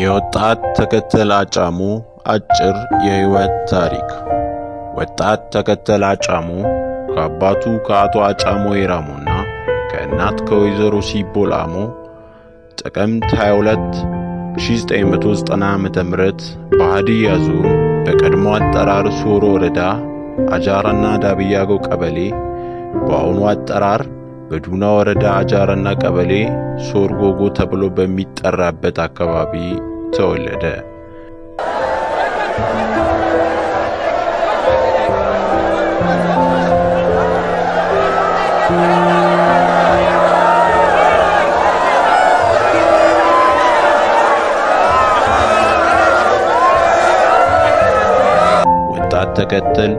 የወጣት ተከተል አጫሙ አጭር የህይወት ታሪክ። ወጣት ተከተል አጫሙ ከአባቱ ከአቶ አጫሞ ይራሞና ከእናት ከወይዘሮ ሲቦል ላሞ ጥቅምት 22 1990 ዓ.ም በሃዲያ ዞን በቀድሞ አጠራር ሶሮ ወረዳ አጃራና ዳብያጎ ቀበሌ በአሁኑ አጠራር በዱና ወረዳ አጃረና ቀበሌ ሶርጎጎ ተብሎ በሚጠራበት አካባቢ ተወለደ። ወጣት ተከተል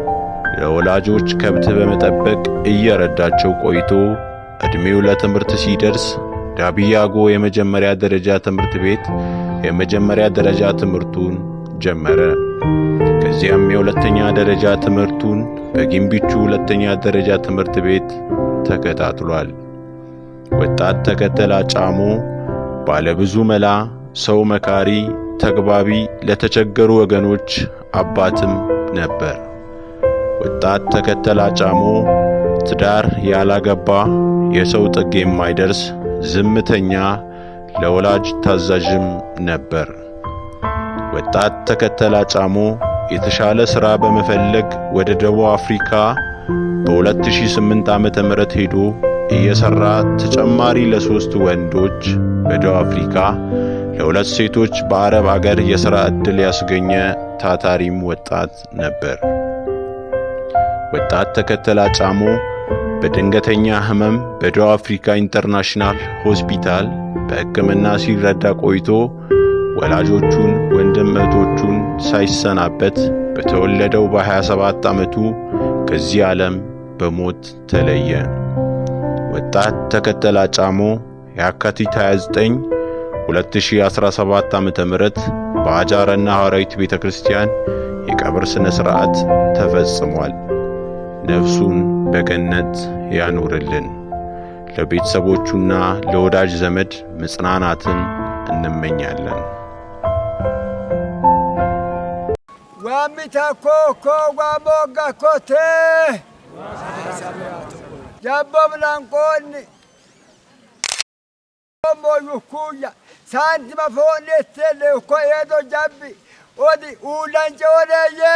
ለወላጆች ከብት በመጠበቅ እየረዳቸው ቆይቶ ዕድሜው ለትምህርት ሲደርስ ዳቢያጎ የመጀመሪያ ደረጃ ትምህርት ቤት የመጀመሪያ ደረጃ ትምህርቱን ጀመረ። ከዚያም የሁለተኛ ደረጃ ትምህርቱን በጊምቢቹ ሁለተኛ ደረጃ ትምህርት ቤት ተከታትሏል። ወጣት ተከተል አጫሞ ባለብዙ መላ፣ ሰው መካሪ፣ ተግባቢ፣ ለተቸገሩ ወገኖች አባትም ነበር። ወጣት ተከተል አጫሞ ትዳር ያላገባ የሰው ጥግ የማይደርስ ዝምተኛ፣ ለወላጅ ታዛዥም ነበር። ወጣት ተከተላ ጫሞ የተሻለ ሥራ በመፈለግ ወደ ደቡብ አፍሪካ በ2008 ዓመተ ም ሄዶ እየሰራ ተጨማሪ ለሶስት ወንዶች በደቡብ አፍሪካ ለሁለት ሴቶች በአረብ ሀገር የሥራ ዕድል ያስገኘ ታታሪም ወጣት ነበር። ወጣት ተከተላ ጫሞ በድንገተኛ ህመም በደቡብ አፍሪካ ኢንተርናሽናል ሆስፒታል በሕክምና ሲረዳ ቆይቶ ወላጆቹን ወንድም እህቶቹን ሳይሰናበት በተወለደው በ27 ዓመቱ ከዚህ ዓለም በሞት ተለየ። ወጣት ተከተለ አጫሞ የካቲት 29 2017 ዓ.ም በአጃረና ሐዋርያዊት ቤተ ክርስቲያን የቀብር ሥነ ሥርዓት ተፈጽሟል። ነፍሱን በገነት ያኑርልን። ለቤተሰቦቹና ለወዳጅ ዘመድ መጽናናትን እንመኛለን። ዋሚታኮ ኮ ዋሞጋ ኮቴ ጃቦ ብላንቆኒ ሞዩኩያ ሳንቲ መፎኔቴ ኮ ሄዶ ጃቢ ኦዲ ኡላንጨ ወደየ